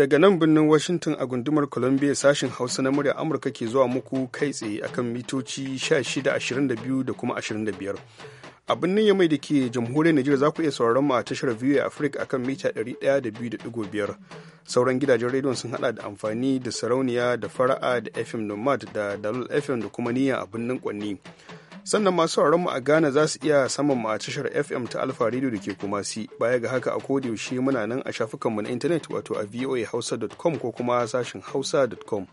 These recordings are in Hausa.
daga nan birnin Washington a gundumar Columbia sashin Hausa na murya Amurka ke zuwa muku kai tsaye akan mitoci 1622 da kuma 25. A birnin Yamai da ke jamhuriyar Nijar za ku iya sauraron mu a tashar VOA Africa akan mita 102.5. Sauran gidajen rediyon sun hada da amfani da sarauniya da fara'a da FM Nomad da Dalol FM da kuma niyya a birnin Kwanni. sannan masu mu a Ghana za su iya saman mu a tashar FM ta Alfa Radio da ke kuma si baya ga haka a yaushe muna nan a shafukanmu na intanet wato a voahausa.com ko kuma sashin hausa.com.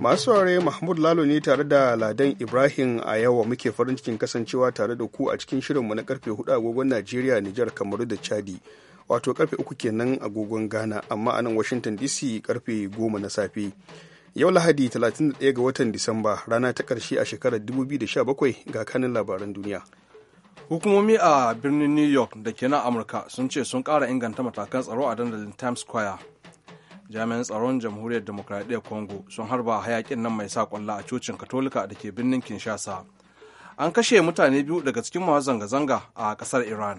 masu ware mahmud lalo ne tare da ladan ibrahim a yawa muke farin cikin kasancewa tare da ku a cikin shirinmu na karfe 4 agogon najeriya nijar kamaru da chadi wato karfe uku kenan agogon ghana amma a nan washington dc karfe goma na safe yau lahadi 31 ga watan disamba rana ta karshe a shekarar 2017 ga kanin labaran duniya hukumomi a birnin new york da ke nan amurka sun ce sun kara inganta matakan tsaro a dandalin times square jami'an tsaron jamhuriyar demokradiyyar congo sun harba hayakin nan mai sa kwallo a cocin katolika da ke birnin kinshasa an kashe mutane biyu daga cikin masu zanga-zanga a kasar iran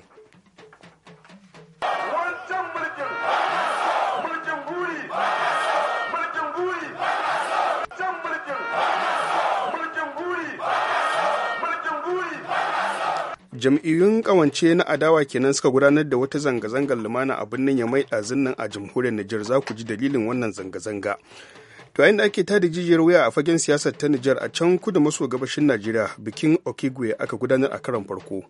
jam'iyyun kawance na adawa kenan suka gudanar da wata zanga-zangar lumana a birnin mai ɗazin nan a jamhuriyar nijar za ku ji dalilin wannan zanga-zanga to yayin da ake ta da jijiyar wuya a fagen siyasar ta nijar a can kudu maso gabashin najeriya bikin okigwe aka gudanar a karon farko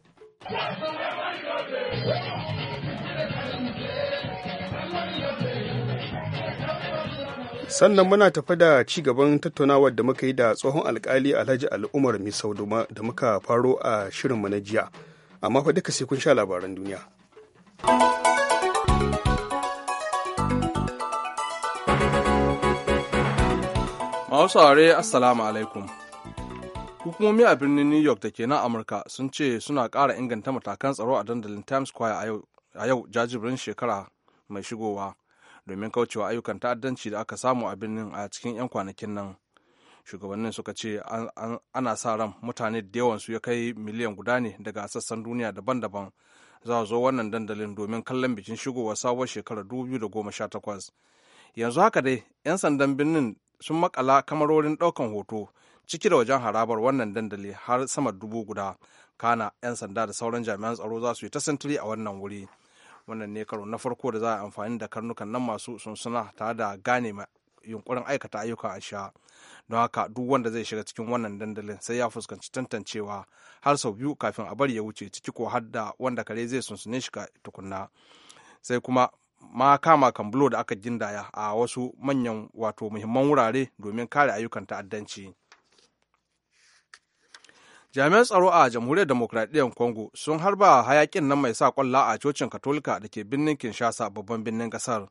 sannan muna tafi da ci gaban tattaunawar da muka yi da tsohon alkali alhaji al'umar misau da muka faro a shirinmu na jiya amma fa duka sai kun sha labaran duniya Mausare Assalamu alaikum. Hukumomi a birnin New York da ke na Amurka sun ce suna ƙara inganta matakan tsaro a dandalin Times Square a yau jajibirin shekara mai shigowa. domin kaucewa ayyukan ta'addanci da aka samu a birnin a cikin 'yan kwanakin nan shugabannin suka ce ana sa ran mutane da yawan su ya kai miliyan guda ne daga sassan duniya daban-daban za a zo wannan dandalin domin kallon bikin shigowar sabuwar shekarar 2018 yanzu haka dai 'yan sandan birnin sun makala kamarorin ɗaukan hoto ciki da wajen harabar wannan dandali har sama dubu guda kana 'yan sanda da sauran jami'an tsaro za su yi ta sintiri a wannan wuri. wannan ne karo na farko da za a amfani da karnukan nan masu sunsuna tare da gane yunkurin aikata ayyukan asha don haka duk wanda zai shiga cikin wannan dandalin sai ya fuskanci tantancewa har sau biyu kafin a bari ya wuce ciki ko har da wanda kare zai sunsune shi tukunna sai kuma ma kama kan bulo da aka gindaya a wasu manyan wato muhimman wurare domin kare ayyukan ta'addanci. jami'an tsaro a jamhuriyar demokradiyyar congo sun harba hayakin nan mai sa kwalla a cocin katolika da ke birnin kinshasa babban birnin kasar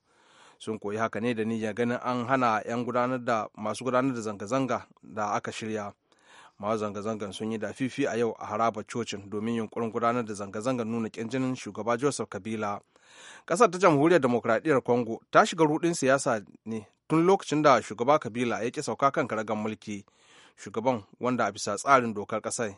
sun koyi haka ne da niyyar ganin an hana 'yan gudanar da masu gudanar da zanga-zanga da aka shirya masu zanga-zangan sun yi dafifi a yau a haraba cocin domin yunkurin gudanar da zanga zangan nuna kin jinin shugaba joseph kabila kasar ta jamhuriyar demokradiyyar congo ta shiga rudin siyasa ne tun lokacin da shugaba kabila ya ki sauka kan karagan mulki shugaban wanda a bisa tsarin dokar kasar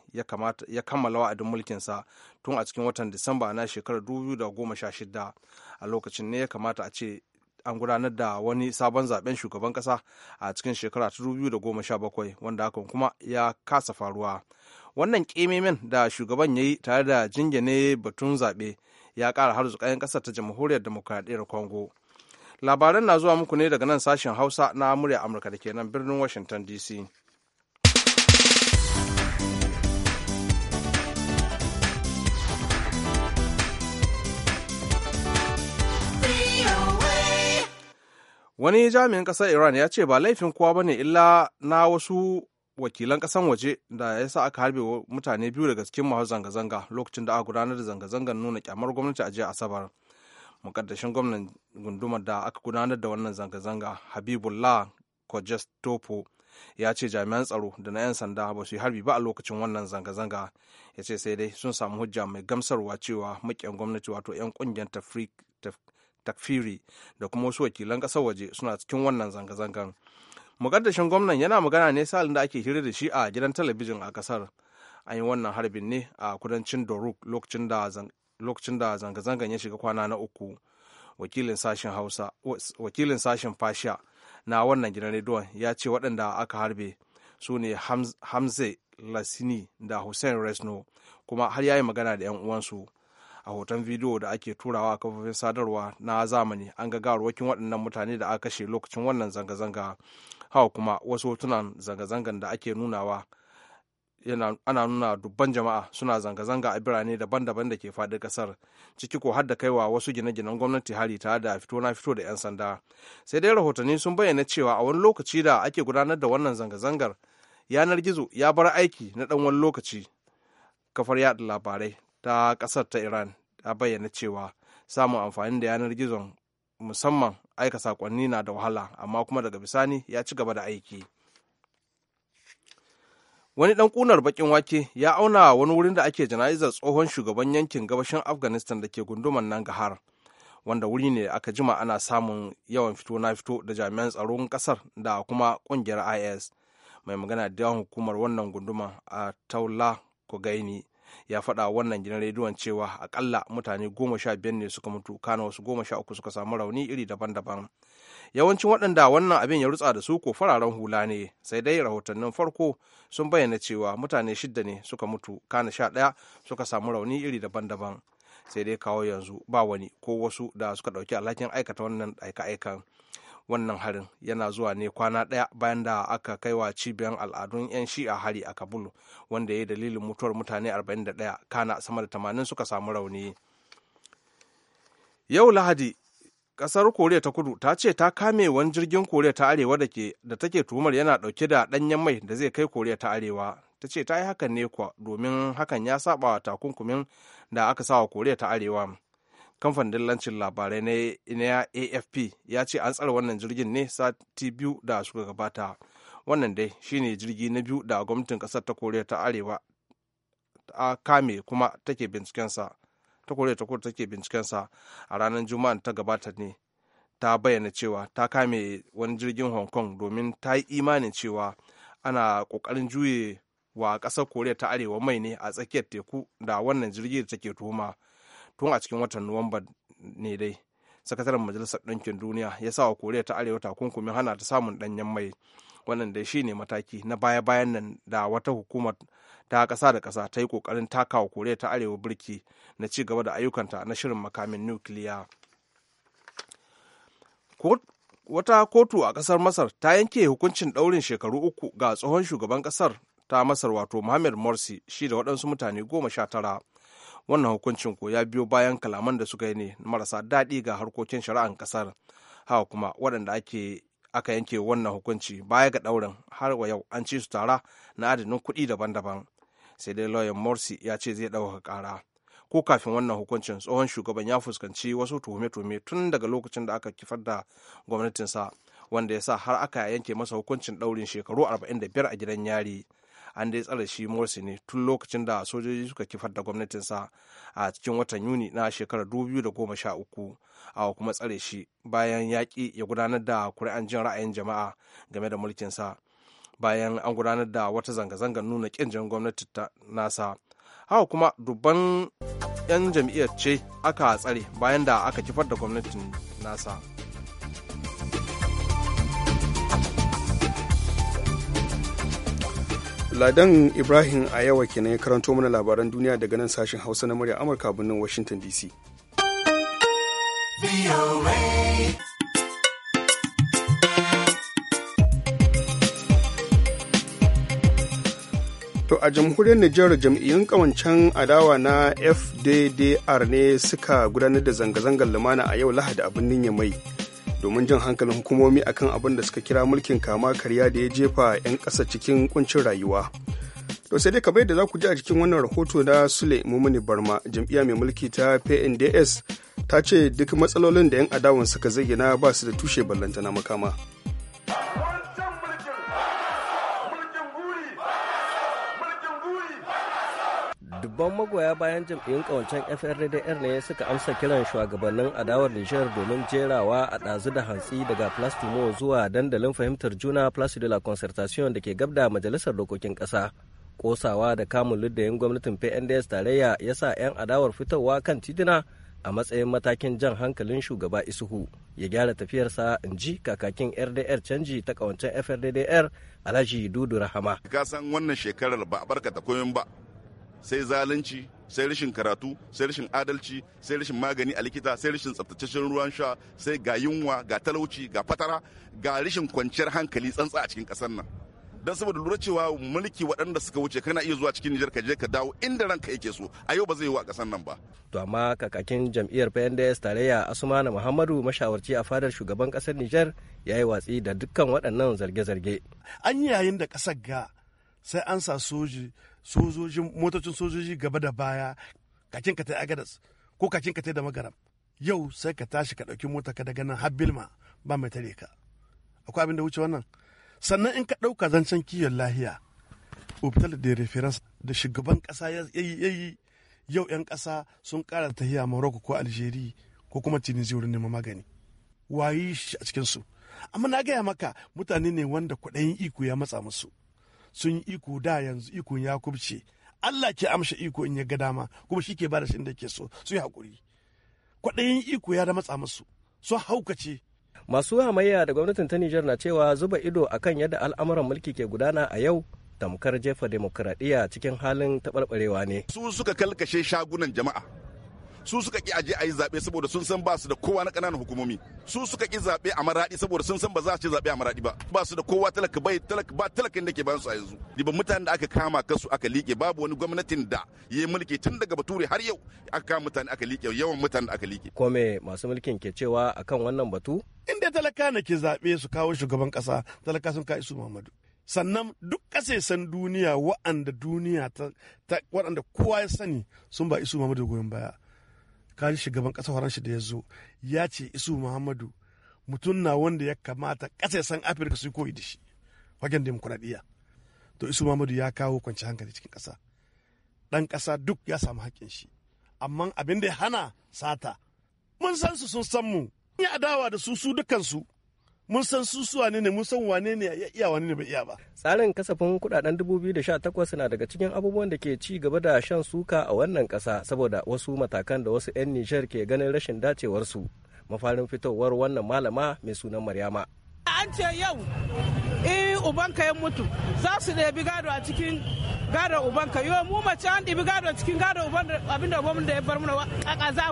ya kammala wa'adin mulkinsa tun a cikin watan disamba na shekarar 2016 a lokacin ne ya kamata a ce an gudanar da wani sabon zaben shugaban kasa a cikin shekara ta 2017 wanda hakan kuma ya kasa faruwa wannan kimimin da shugaban ya yi tare da jingine batun zaɓe ya ƙara har zuƙayen ƙasar ta jamhuriyar demokradiyyar congo labaran na zuwa muku ne daga nan sashen hausa na murya amurka da ke nan birnin washington dc wani jami'in kasar iran ya ce ba laifin kowa bane illa na wasu wakilan ƙasar waje da ya sa aka harbe mutane biyu daga cikin masu zanga-zanga lokacin da aka gudanar da zanga-zangar nuna kyamar gwamnati a jiya asabar mukaddashin gwamnan gundumar da aka gudanar da wannan zanga-zanga habibullah kojestopo ya ce jami'an tsaro da na 'yan sanda ba su yi harbi ba a lokacin wannan zanga-zanga ya ce sai dai sun samu hujja mai gamsarwa cewa makiyan gwamnati wato 'yan kungiyar tafrik takfiri da kuma wasu wakilan ƙasar waje suna cikin wannan zanga-zangan mukaddashin gwamnan yana magana ne salin da ake hira da shi a gidan talabijin a kasar an yi wannan harbin ne a kudancin doruk lokacin da zanga-zangan ya shiga kwana na uku wakilin sashen hausa na wannan gidan rediyon ya ce waɗanda aka harbe su ne hamze lasini da hussein resno kuma har ya yi magana da 'yan uwansu a hoton bidiyo da ake turawa a kafofin sadarwa na zamani an ga gawarwakin waɗannan mutane da aka kashe lokacin wannan zanga-zanga hawa kuma wasu hotunan zanga-zangan da ake nunawa ana nuna dubban jama'a suna zanga-zanga a birane daban-daban da ke faɗi ƙasar ciki ko har da kaiwa wasu gine-ginen gwamnati hari ta da fito na fito da 'yan sanda sai dai rahotanni sun bayyana cewa a wani lokaci da ake gudanar da wannan zanga-zangar yanar gizo ya bar aiki na ɗan wani lokaci kafar yada labarai ta ƙasar ta iran ta bayyana cewa samun amfani da yanar gizon musamman aika sakonni na da wahala amma kuma daga bisani ya ci gaba da aiki wani dan kunar bakin wake ya auna wani wurin da ake jana'izar tsohon shugaban yankin gabashin afghanistan da ke gunduman nan gahar wanda wuri ne aka jima ana samun yawan fito na fito da jami'an tsaron kasar da kuma kungiyar is mai magana da yawan hukumar wannan gunduma a taula kogaini ya faɗa wannan gidan rediyon cewa akalla mutane goma sha biyar ne suka mutu kana wasu goma sha uku suka samu rauni iri daban-daban yawancin waɗanda wannan abin ya rutsa da su ko fararen hula ne sai dai rahotannin farko sun bayyana cewa mutane shidda ne suka mutu kana sha ɗaya suka samu rauni iri daban-daban sai dai kawo yanzu ba wani ko wasu da suka ɗauki alhakin aikata wannan aika-aikan wannan harin yana zuwa ne kwana ɗaya bayan da aka kai wa cibiyar al'adun 'yan shi'a hari a kabul wanda ya yi dalilin mutuwar mutane 41 kana sama da 80 suka samu rauni yau lahadi ƙasar koriya ta kudu ta ce ta kame wani jirgin koriya ta arewa da take tumar yana dauke da danyen mai da zai kai koriya ta arewa ta ce ta yi hakan ne kuwa domin hakan ya saba takunkumin da aka sawa koriya ta arewa kamfanin dillancin labarai na afp ya ce an tsara wannan jirgin ne sati biyu da suka gabata wannan dai shine jirgi na biyu da gwamnatin kasar ta koriya ta arewa a kame kuma take bincikensa ta koriya ta kudu take bincikensa a ranar juma'a ta gabata ne ta bayyana cewa ta kame wani jirgin hong kong domin ta yi imanin cewa ana kokarin juye wa kasar koriya ta arewa mai ne a tsakiyar teku da wannan jirgin da take tuhuma tun a cikin watan nuwamba ne dai sakataren majalisar ɗinkin duniya ya sa wa koriya ta arewa takunkumin hana ta samun ɗanyen mai wannan dai shine mataki na baya-bayan nan da wata hukumar ta ƙasa da ƙasa ta yi ƙoƙarin takawa koriya ta arewa birki na ci gaba da ayyukanta na shirin makamin nukiliya wata kotu a ƙasar masar ta yanke hukuncin ɗaurin shekaru uku ga tsohon shugaban ƙasar ta masar wato muhammad morsi shi da waɗansu mutane goma sha tara wannan hukuncin ko ya biyo bayan kalaman da suka yi ne marasa daɗi ga harkokin shari'an ƙasar hawa kuma waɗanda ake aka yanke wannan hukunci baya ga ɗaurin har wa yau an ci su tara na adadin kuɗi daban-daban sai dai lauyan morsi ya ce zai ɗauka ƙara ko kafin wannan hukuncin tsohon shugaban ya fuskanci wasu tuhume-tuhume tun daga lokacin da aka kifar da gwamnatinsa wanda ya sa har aka yanke masa hukuncin ɗaurin shekaru arba'in da 45 a gidan yari an dai tsare shi morsi ne tun lokacin da sojoji suka kifar da gwamnatinsa a cikin watan yuni na shekarar sha uku a kuma tsare shi bayan yaƙi ya gudanar da kuri'an jin ra'ayin jama'a game da mulkinsa bayan an gudanar da wata zanga-zangar nuna ƙin gwamnati nasa haka kuma dubban 'yan jam'iyyar ce aka tsare bayan da aka kifar da gwamnatin nasa. Ladan Ibrahim a yawa kenan ya karanto mana labaran duniya daga nan sashen Hausa na murya Amurka birnin Washington DC. To a jamhuriyar Nijar jam'iyyun kawancen adawa na FDDR ne suka gudanar da zanga-zangar lumana a yau Lahadi a birnin Yamai. domin jan hankalin hukumomi akan abin da suka kira mulkin kama karya da ya jefa 'yan ƙasa cikin kuncin rayuwa. To sai dai kamar da za ku ji a cikin wannan rahoto na Sule Mumuni Barma, jam'iyya mai mulki ta PNDS ta ce duk matsalolin da 'yan adawan suka zayyana ba su da tushe ballanta na makama. babban magoya bayan jam'iyyun kawancen FRDR ne suka amsa kiran shugabannin adawar Nijar domin jerawa a ɗazu da hantsi daga plastimo zuwa dandalin fahimtar juna Place de la Concertation da ke gabda Majalisar Dokokin Ƙasa. Kosawa da kamun luddayin gwamnatin PNDS tarayya ya sa 'yan adawar fitowa kan tituna a matsayin matakin jan hankalin shugaba Isuhu ya gyara tafiyarsa in ji kakakin RDR canji ta kawancen FRDDR Alhaji Dudu Rahama. Ka san wannan shekarar ba a barkata koyon ba sai zalunci sai rashin karatu sai rashin adalci sai rashin magani a likita sai rashin tsaftataccen ruwan sha sai ga yunwa ga talauci ga fatara ga rashin kwanciyar hankali tsantsa a cikin kasar nan don saboda lura cewa mulki waɗanda suka wuce kana iya zuwa cikin Nijar ka je ka dawo inda ranka yake so a yau ba zai yi wa ƙasar nan ba. To amma kakakin jam'iyyar PNDS tarayya Asumana Muhammadu mashawarci a fadar shugaban kasar Nijar ya yi watsi da dukkan waɗannan zarge-zarge. An yayin da ƙasar ga sai an sa soji sojojin motocin sojoji gaba da baya kakin ka ta agadas ko kakin ka ta da magaram yau sai ka tashi ka ɗauki mota ka daga nan har bilma ba mai tare ka akwai abin da wuce wannan sannan in ka ɗauka zancen kiyon lahiya hospital da reference da shugaban ƙasa ya yi yau 'yan ƙasa sun ƙara tahiya morocco ko algeria ko kuma tunisia wurin neman magani wayi shi a cikinsu amma na gaya maka mutane ne wanda kwaɗayin iko ya matsa musu sun yi iko da yanzu ikon ya kubce Allah ke amsha iko in ya ga dama kuma shi ke ba da shi da ke so su yi haƙuri kwaɗayin iko ya da matsa musu su haukace masu hamayya da gwamnatin ta Nijar na cewa zuba ido akan yadda al'amuran mulki ke gudana a yau tamkar jefa demokradiyya cikin halin taɓarɓarewa ne su suka kalkashe shagunan jama'a su suka ki aje a yi zaɓe saboda sun san ba su da kowa na ƙananan hukumomi su suka ki zaɓe a maraɗi saboda sun san ba za su ci zaɓe a maraɗi ba ba su da kowa talaka bai talaka ba talakan da ke bayan su a yanzu diban mutanen da aka kama kasu aka liƙe babu wani gwamnatin da ya mulki tun daga bature har yau aka kama mutane aka liƙe yawan mutanen da aka liƙe me masu mulkin ke cewa akan wannan batu inda talaka na ke zaɓe su kawo shugaban ƙasa talaka sun kai isu muhammadu sannan duk kasaisan duniya wa'anda duniya ta wa'anda kowa ya sani sun ba isu mamadu goyon baya kaji shugaban ƙasar faransa da ya zo ya ce isu muhammadu mutum na wanda ya kamata kasa san afirka su koyi da shi wajen demokuraɗiyya to isu muhammadu ya kawo kwanci hankali cikin ƙasa ɗan ƙasa duk ya samu haƙƙin shi amma abin da ya hana sata mun san su sun san mu ya adawa da su su dukansu mun san su su wane ne mun san wane ne ya iya wane ne bai iya ba tsarin kasafin kudaden 2018 na daga cikin abubuwan da ke ci gaba da shan suka a wannan kasa saboda wasu matakan da wasu 'yan Nijar ke ganin rashin dacewar su mafarin fitowar wannan malama mai sunan Maryama an ce yau in ubanka ya mutu za su bi gado a cikin gado ubanka yau mu mace an ɗebi gado a cikin gado uban abinda gwamnati da ya bar mu kaka za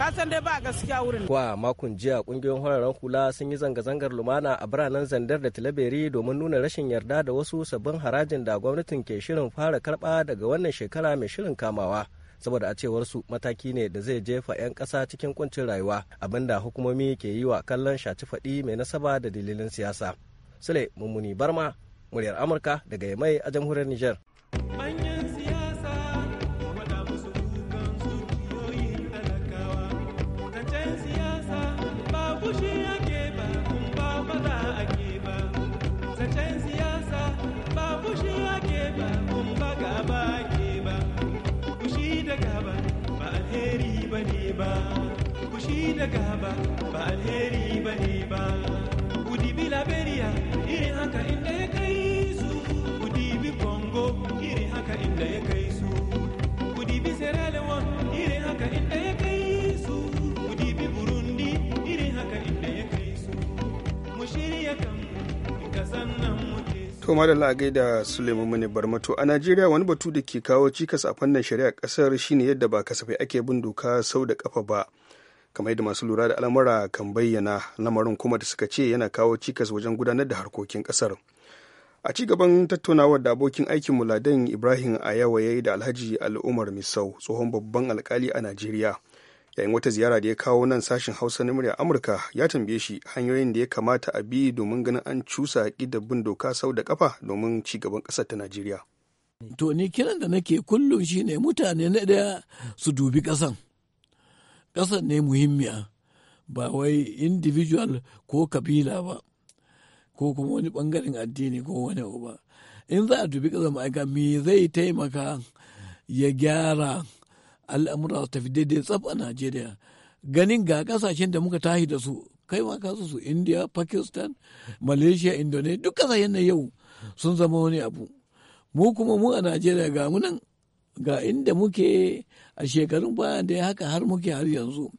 ka san dai ba gaskiya wurin kwa makon jiya kungiyoyin horarren hula sun yi zanga-zangar lumana a biranen zandar da tilaberi domin nuna rashin yarda da wasu sabbin harajin da gwamnatin ke shirin fara karba daga wannan shekara mai shirin kamawa saboda a cewar su mataki ne da zai jefa 'yan ƙasa cikin kuncin rayuwa abinda hukumomi ke yi wa kallon shaci faɗi mai nasaba da dalilin siyasa sule mummuni barma muryar amurka daga yamai a jamhuriyar niger da gaba ba alheri ba ne ba kudi bi irin haka inda ya kai su kudi congo irin haka inda ya kai su kudi sierra leone irin haka inda ya kai su kudi burundi irin haka inda ya kai su mu shirya kan kasan nan muke To madalla a gaida Suleiman Mani Barmato a Najeriya wani batu da ke kawo cikas a fannin shari'a kasar shine yadda ba kasafai ake bin doka sau da kafa ba kamar yadda masu lura da al'amura kan bayyana lamarin kuma da suka ce yana kawo cikas wajen gudanar da harkokin kasar a ci gaban tattaunawar da abokin aikin muladen ibrahim ayawa ya yi da alhaji al'umar misau tsohon babban alkali a najeriya yayin wata ziyara da ya kawo nan sashen hausa na murya amurka ya tambaye shi hanyoyin da ya kamata a bi domin ganin an cusa ƙidar bin doka sau da kafa domin ci gaban ƙasar ta najeriya to ni kiran da nake kullum shine mutane na ɗaya su dubi ƙasan ƙasar ne muhimmiya ba wai individual ko kabila ba ko kuma wani ɓangaren addini ko wani ba in za a dubi ƙasar ma'aika me zai taimaka ya gyara al'amura su tafi daidai tsaf a najeriya ganin ga ƙasashen da muka tahi da su kai ma kasu su india pakistan malaysia indonesia duk ƙasashen na yau sun zama wani abu mu kuma mu a najeriya ga munan ga inda muke a shekarun baya da ya haka har muke har yanzu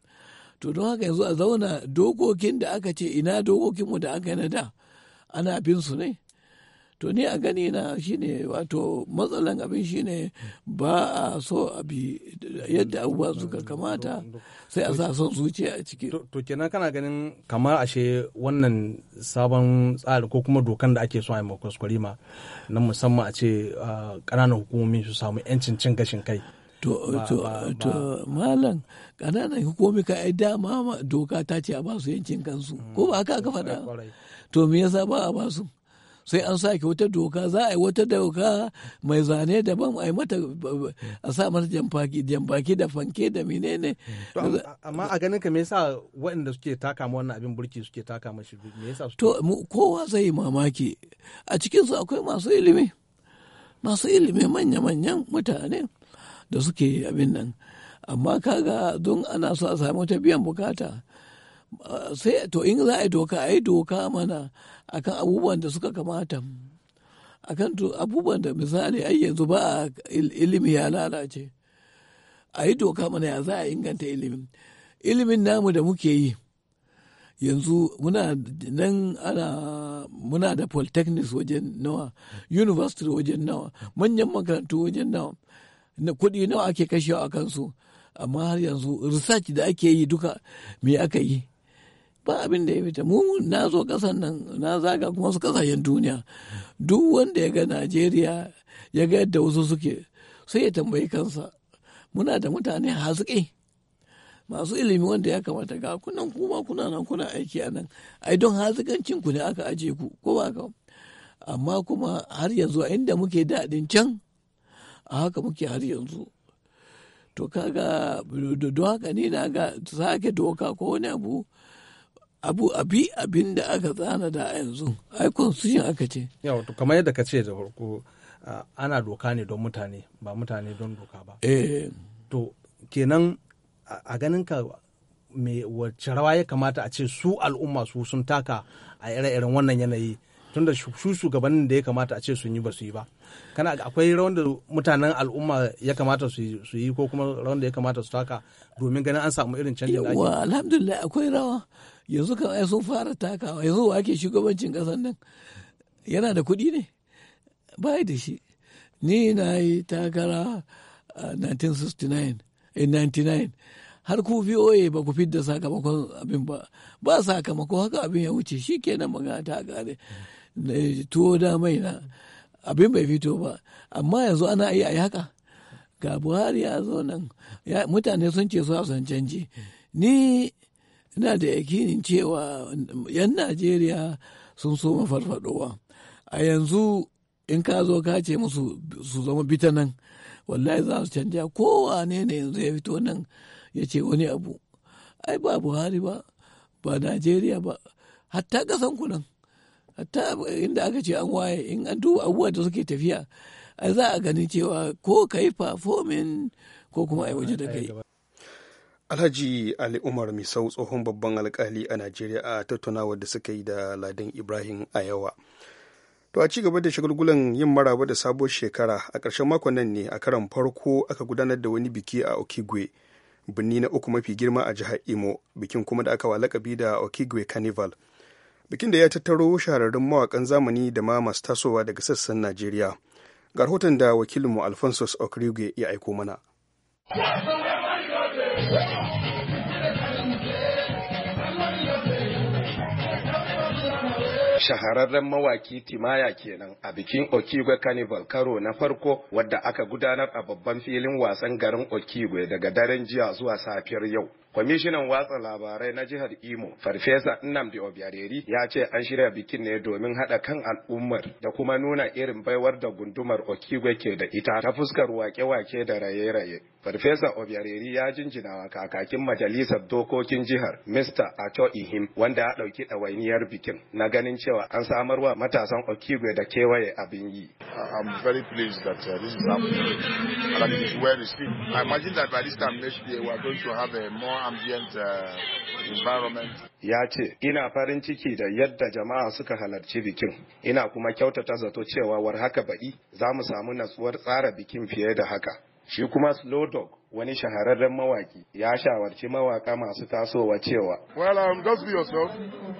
to don haka yanzu a zauna dokokin da aka ce ina dokokinmu da aka yi na da ana bin su ne to ni a gani na shine wato matsalan abin shine ba a so a bi yadda abubuwa suka mm, kamata sai a sa son zuciya a ciki to kenan kana ganin kamar ashe wannan sabon tsari ko kuma dokan da ake so a yi ma na musamman a ce ah, ƙananan hukumomi su samu 'yancin cin gashin kai to malam ƙananan hukumomi ka ai dama doka ta ce a ba su yancin kansu mm, ko ba haka aka faɗa to me yasa ba a ba su. sai an sake wata doka za a yi wata doka mai zane daban a yi mata a sa mata jambaki jamfaki da fanke da menene amma a ganin ka me yasa waɗanda suke taka ma wannan abin burki suke taka ma shi me yasa to kowa zai yi mamaki a cikin su akwai masu ilimi masu ilimi manya-manyan mutane da suke abin nan amma kaga don ana so a samu ta biyan bukata sai to in za a yi doka a yi doka mana akan abubuwan da suka kamata akan abubuwan da misali ai yanzu ba a ilimi ya lalace a yi doka mana ya za a inganta ilimin ilimin namu da muke yi yanzu muna nan ana muna da polytechnics wajen nawa university wajen nawa manyan makarantu wajen nawa na kuɗi nawa ake kashewa a kansu amma har yanzu research da ake yi duka me aka yi ba abin da ya fita mu na zo kasan nan na zaga kuma su kasashen duniya duk wanda ya ga najeriya ya ga yadda wasu suke sai ya tambayi kansa muna da mutane haske masu ilimi wanda ya kamata ga kunan kuma kuna nan kuna aiki a nan ai don hazikancin ku ne aka aje ku ko ba ka amma kuma har yanzu a inda muke daɗin can a haka muke har yanzu to kaga don haka ne na ga sake doka ko wani abu abu abi abin da aka tsana da a yanzu ai constitution aka ce yawa kamar yadda ka ce da farko ana doka ne don mutane ba mutane don doka ba eh to kenan a ganin ka me wacce rawa ya kamata a ce su al'umma su sun taka a ire-iren wannan yanayi tunda su shugabannin da ya kamata a ce sun yi ba su yi ba kana akwai rawan da mutanen al'umma ya kamata su yi ko kuma rawan da ya kamata su taka domin ganin an samu irin canjin da ake alhamdulillah akwai rawa yanzu kan ai sun fara takawa yanzu wa ake shugabancin kasan nan yana da kuɗi ne ba da shi ni na yi takara 1969 eh, har ku voa ba ku fidda sakamakon abin ba ba sakamakon haka abin ya wuce shi kenan magana ta gane eh, tuwo da mai na abin bai fito ba amma yanzu ana yi a haka ga buhari ya zo nan mutane sun ce su san canji ni na da yakinin cewa 'yan najeriya sun so mafarfadowa a yanzu in ka zo ka ce musu su zama bita nan wallahi za su canja kowane ne yanzu ya fito nan ya ce wani abu ai ba buhari ba ba najeriya ba hatta kasan kunan hatta inda aka ce an waye in an duba abubuwa da suke tafiya a za a gani cewa ko ka yi performing ko kuma a waje da kai alhaji ali umar misau tsohon babban alkali a najeriya a tattaunawar da suka yi da ladin ibrahim a yawa To a ci gaba da shagulgulan yin maraba da sabuwar shekara a ƙarshen makon nan ne a karon farko aka gudanar da wani biki a Okigwe, birni na uku mafi girma a jihar Imo, bikin kuma da aka wa lakabi da Okigwe Carnival. bikin da ya tattaro shahararrun mawakan zamani da ma masu tasowa daga sassan najeriya ga rahoton da wakilinmu alphonsus okrigue ya aiko mana shahararren mawaki Timaya kenan a bikin Okigwe Carnival karo na farko wadda aka gudanar a babban filin wasan garin Okigwe daga daren jiya zuwa safiyar yau. Kwamishinan watsa labarai na jihar Imo, Farfesa Nnamdi Obiareri ya ce an shirya bikin ne domin haɗa kan al'ummar da kuma nuna irin baiwar da gundumar Okigwe ke da ita ta fuskar wake-wake da raye-raye. Farfesa Obiareri ya jinjina wa kakakin majalisar dokokin jihar Mr. Acho Ihim wanda ya ɗauki ɗawainiyar bikin na ganin cewa an samar wa matasan Okigwe da kewaye abin yi. I'm very pleased that uh, this is happening and that it is I imagine that by this time next year we are going to have a uh, more ambient uh, environment. Ya ce, ina farin ciki da yadda jama'a suka halarci bikin, ina kuma kyautata zato cewa war haka baɗi za mu samu natsuwar tsara bikin fiye da haka. Shi kuma Slow Dog wani shahararren mawaki ya shawarci mawaka masu tasowa cewa well um, just be yourself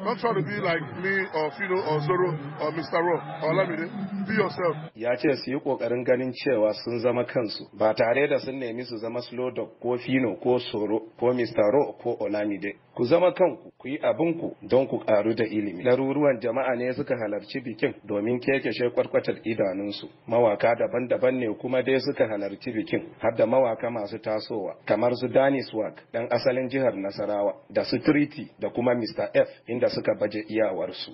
don't try to be like me or Fido or Zoro or Mr. Ro or Lamide be yourself ya ce su yi kokarin ganin cewa sun zama kansu ba tare da sun nemi su zama slow dog ko Fino ko Soro ko Mr. Ro ko Olamide ku zama kanku ku yi abinku don ku karu da ilimi laruruwan jama'a ne suka halarci bikin domin kekeshe kwarkwatar idanunsu mawaka daban-daban ne kuma dai suka halarci bikin har da mawaka masu masu tasowa kamar su Danis Wag dan asalin jihar Nasarawa da su Triti da kuma Mr. F inda suka baje iyawarsu.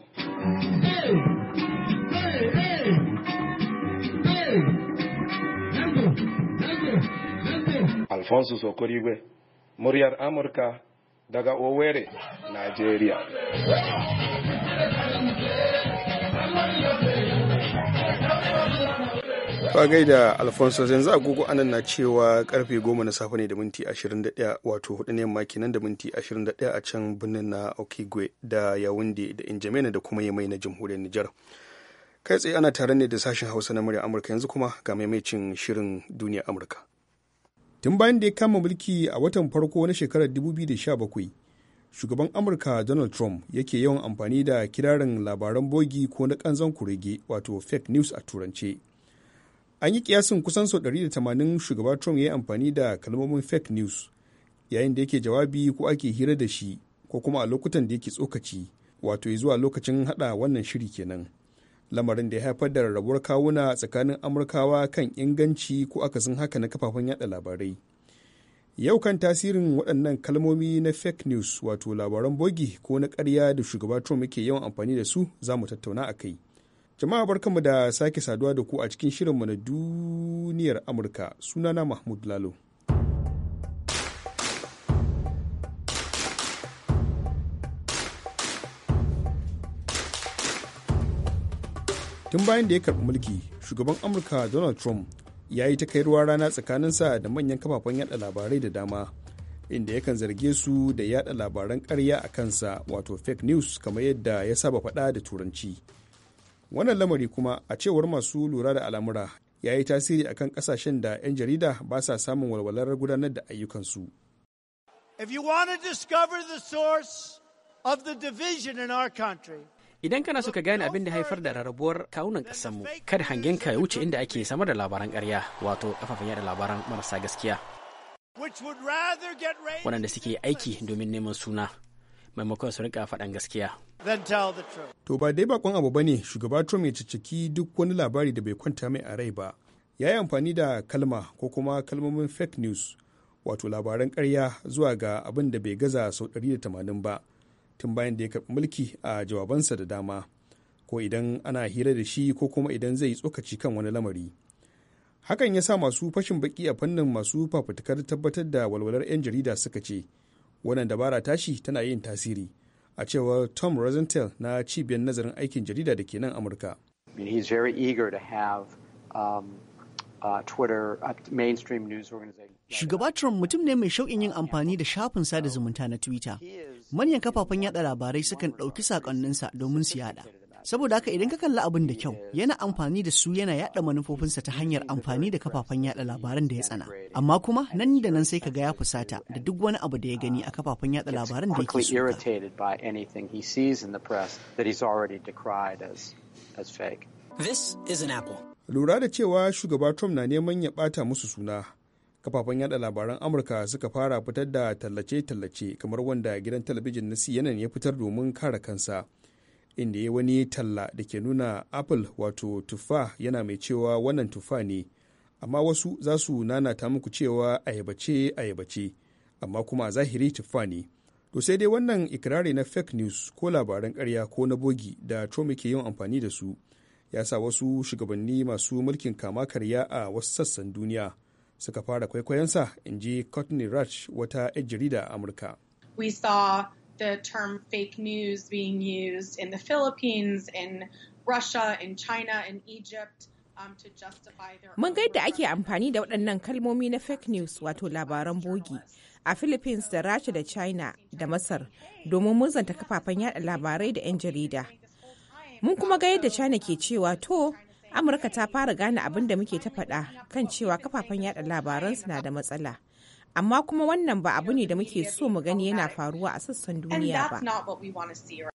Alfonso Sokorigwe, muryar Amurka daga Owerri, Najeriya. Ba gaida Alfonso yanzu agogo anan na cewa karfe goma na safe ne da minti 21 wato hudu ne yamma kenan da minti 21 a can birnin na Okigwe da yawunde da Injamena da kuma Yamai na jamhuriyar Nijar. Kai tsaye ana tare ne da sashen Hausa na murya Amurka yanzu kuma ga maimacin shirin duniya Amurka. Tun bayan da ya kama mulki a watan farko na shekarar 2017 shugaban amurka donald trump yake yawan amfani da kirarin labaran bogi ko na kanzan kurege wato fake news a turance an yi kiyasin kusan sau 180 shugaba trump ya yi amfani da kalmomin fake news yayin da yake jawabi ko ake hira da shi ko kuma a lokutan da yake tsokaci wato ya zuwa lokacin hada wannan shiri kenan lamarin da ya haifar da rarrabuwar kawuna tsakanin amurkawa kan inganci ko akasin haka na kafafen yada labarai yau kan tasirin waɗannan kalmomi na fake news wato labaran bogi ko na ƙarya da shugaba trump yake yawan amfani da su za mu tattauna a kai Jama'a barkanmu da sake saduwa da ku a cikin shirinmu na duniyar Amurka sunana Mahmud Lalo. Tun bayan da ya karɓi mulki, shugaban Amurka Donald Trump ya yi ta kai ruwa rana tsakaninsa da manyan kafafen yada labarai da dama, inda yakan zarge su da yada labaran ƙarya a kansa wato fake news kamar yadda ya saba faɗa da turanci. wannan lamari kuma a cewar masu lura da al'amura ya yi tasiri a kan kasashen da 'yan jarida ba sa samun walwalar gudanar da ayyukansu Idan kana suka gane abin da haifar da rarrabuwar kawunan ƙasarmu, kada hangen ka ya wuce inda ake samar da labaran ƙarya, wato kafafen yada labaran marasa gaskiya. Waɗanda suke aiki domin neman suna, maimakon su rika faɗan gaskiya. To ba dai bakon abu ne shugaba Trump ya cicciki duk wani labari da bai kwanta mai a rai ba. Ya yi amfani da kalma ko kuma kalmomin fake news wato labaran karya zuwa ga abin da bai gaza sau da 180 ba tun bayan da ya karɓi mulki a jawabansa da dama ko idan ana hira da shi ko kuma idan zai yi tsokaci kan wani lamari. Hakan ya sa masu fashin baki a fannin masu fafutukar tabbatar da walwalar 'yan jarida suka ce wannan dabara tashi tana yin tasiri a cewar tom rosenthal na cibiyar nazarin aikin jarida da ke nan amurka um, uh, uh, Shugaba Trump mutum ne mai shauƙin yin amfani da shafin sada zumunta na Twitter. Manyan kafafen yada labarai sukan ɗauki saƙonninsa domin su yada. Saboda haka idan ka kalli abin da kyau, yana amfani da su yana yada manufofinsa ta hanyar amfani da kafafen yada labaran da ya tsana. Amma kuma nan da nan sai ka ga ya fusata da duk wani abu da ya gani a kafafen yada labaran da yake Lura da cewa shugaba Trump na neman ya bata musu suna. kafafen yada labaran amurka suka fara fitar da tallace-tallace kamar wanda gidan talabijin na cnn ya fitar domin kare kansa inda ya wani talla da ke nuna apple wato tufa yana mai cewa wannan tufa ne amma wasu za su nanata muku cewa ayabace ayabace amma kuma a zahiri tufa ne to sai dai wannan ikirari na fake news ko labaran karya ko na bogi da trump ke yin amfani da su ya sa wasu shugabanni masu mulkin kama karya a wasu sassan duniya suka fara kwaikwayonsa in ji courtney rush wata 'yar jarida amurka we saw the term fake news being used in the Philippines, in Russia, in China, in Egypt. Um, Mun ga yadda ake amfani da waɗannan kalmomi na fake news wato labaran bogi a Philippines da Rasha da China da Masar domin zanta kafafen yada labarai da 'yan jarida. Mun kuma ga yadda China ke cewa to Amurka ta fara gane abin da muke ta faɗa kan cewa kafafen yada labaransu na da matsala. amma kuma wannan ba abu ne da muke so mu gani yana faruwa a sassan duniya ba.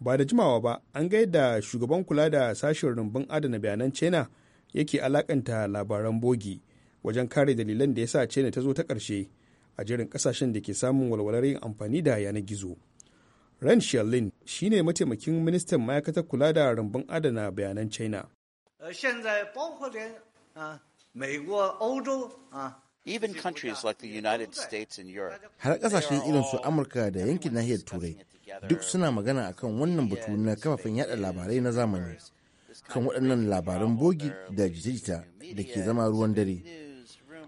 Ba da jimawa ba, an gaida shugaban kula da sashen rumbun adana bayanan China yake alakanta labaran bogi wajen kare dalilan da ya sa China ta zo ta ƙarshe a jirin kasashen da ke samun walwalar yin amfani da yanar gizo. Ren Sherlin shi ne mataimakin ministan ma'aikatar kula da rumbun adana bayanan China. Uh, even countries like the United States and Europe. Har kasashen irin su Amurka da yankin nahiyar Turai duk suna magana akan wannan batu na kafafen yada labarai na zamani kan waɗannan labaran bogi da jita jita da ke zama ruwan dare.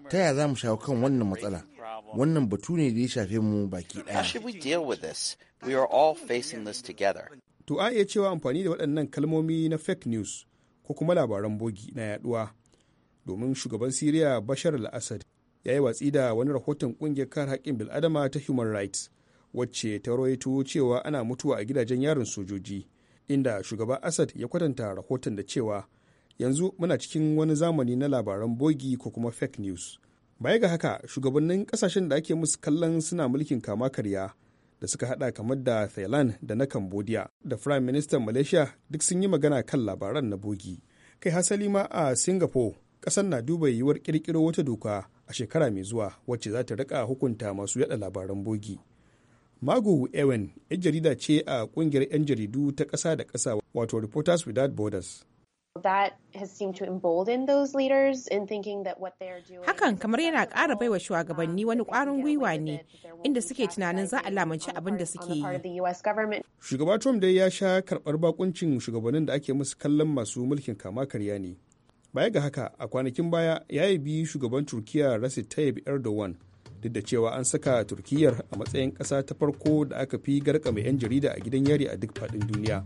Ta yaya za mu shawo kan wannan matsala? Wannan batu ne da ya shafe mu baki ɗaya. To a iya cewa amfani da waɗannan kalmomi na fake news ko kuma labaran bogi na yaduwa domin shugaban Siriya Bashar al-Assad ya yi watsi da wani rahoton kungiyar kar haƙƙin bil'adama ta human rights wacce ta rawaito cewa ana mutuwa a gidajen yarin sojoji inda shugaba assad ya kwatanta rahoton da cewa yanzu muna cikin wani zamani na labaran bogi ko kuma fake news baya ga haka shugabannin kasashen da ake musu kallon suna mulkin kama karya da suka hada kamar da thailand da na cambodia da prime minister malaysia duk sun yi magana kan labaran na bogi kai hasali ma a singapore kasar na duba yiwuwar kirkiro wata doka a shekara mai zuwa wacce za ta rika hukunta masu yada labaran bogi magu ewen yan jarida ce a kungiyar yan jaridu ta ƙasa da ƙasa wato reporters without borders Hakan kamar yana ƙara baiwa shugabanni wani ƙwarin gwiwa ne inda suke tunanin za a lamance abin da suke yi. Shugaba Trump dai ya sha karɓar bakuncin shugabannin da ake musu kallon masu mulkin kama karya ne. baya ga haka a kwanakin baya ya biyu shugaban turkiya rasit tayyip erdogan duk da cewa an saka turkiyyar a matsayin ƙasa ta farko da aka fi garkama 'yan jarida a gidan yari a duk faɗin duniya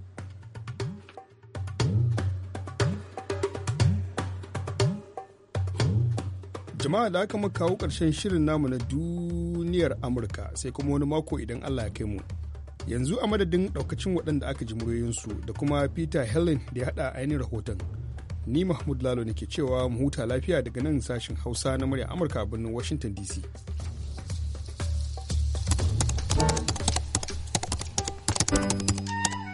jama'a da aka kawo ƙarshen shirin namu na duniyar amurka sai kuma wani mako idan allah ya kai mu yanzu a madadin ɗaukacin waɗanda aka ji muryoyinsu da kuma peter helen da ya haɗa ainihin rahoton ni mahmud lalo ne ke cewa mu huta lafiya daga nan sashen hausa na murya amurka a birnin washington dc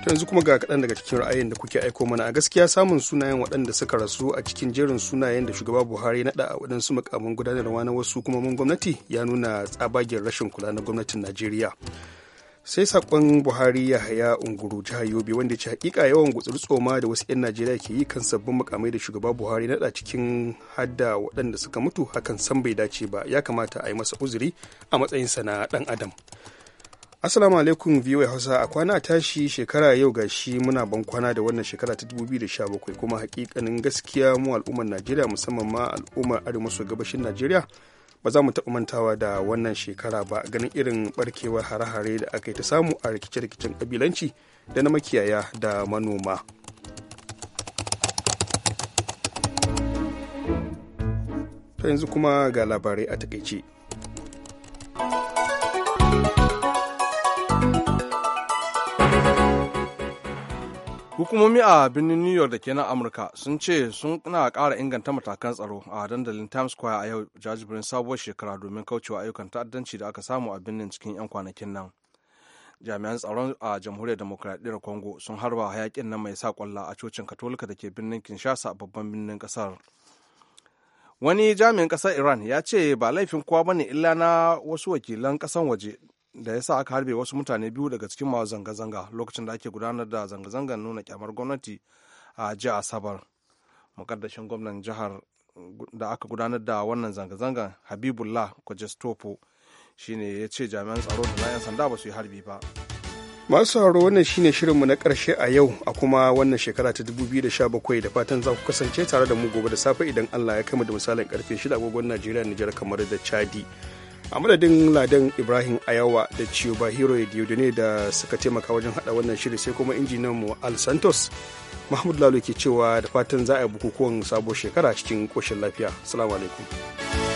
yanzu kuma ga kaɗan daga cikin ra'ayin da kuke aiko mana a gaskiya samun sunayen waɗanda suka rasu a cikin jerin sunayen da shugaba buhari naɗa a waɗansu mukamin gudanarwa na wasu kuma mun gwamnati ya nuna tsabagen rashin kula na gwamnatin najeriya sai sakon buhari ya haya unguru jihar yobe wanda ce hakika yawan tsoma da wasu 'yan najeriya ke yi kan sabbin mukamai da shugaba buhari nada cikin hadda waɗanda suka mutu hakan san bai dace ba ya kamata a yi masa uzuri a matsayinsa na dan adam Assalamu alaikum VOA Hausa a kwana tashi shekara yau ga shi muna ban kwana da wannan shekara ta 2017 kuma hakikanin gaskiya mu al'ummar Najeriya musamman ma al'ummar arewa maso gabashin Najeriya ba za mu taɓa mantawa da wannan shekara ba ganin irin barkewar hare-hare da aka yi ta samu a rikice-rikicen ƙabilanci da na makiyaya da manoma ta yanzu kuma ga labarai a takaice hukumomi a birnin new york da ke nan amurka sun ce sun na kara inganta matakan tsaro a dandalin times square a yau jajibirin sabuwar shekara domin kaucewa ayyukan ta'addanci da aka samu a birnin cikin 'yan kwanakin nan jami'an tsaron a jamhuriyar demokuraɗiyyar congo sun harba hayakin na mai sa kwalla a cocin katolika da ke birnin kinshasa babban birnin Kasar. wani jami'in kasar iran ya ce ba laifin kowa bane illa na wasu wakilan kasan waje da ya sa aka harbe wasu mutane biyu daga cikin masu zanga-zanga lokacin da ake gudanar da zanga-zangar nuna kyamar gwamnati a jiya asabar mukaddashin gwamnan jihar da aka gudanar da wannan zanga-zangar habibullah kwajestopo ne ya ce jami'an tsaro da 'yan sanda ba su yi harbi ba masu sauraro wannan shine shirinmu na karshe a yau a kuma wannan shekara ta 2017 da fatan za ku kasance tare da mu gobe da safe idan allah ya kama da misalin karfe shida agogon najeriya nijar kamar da chadi a madadin ladan ibrahim ayawa da ciyoba hero ne da suka taimaka wajen hada wannan shiri sai kuma injinan mu al santos mahmud lalo ke cewa da fatan za a yi bukukuwan sabuwar shekara cikin koshin lafiya salamu alaikum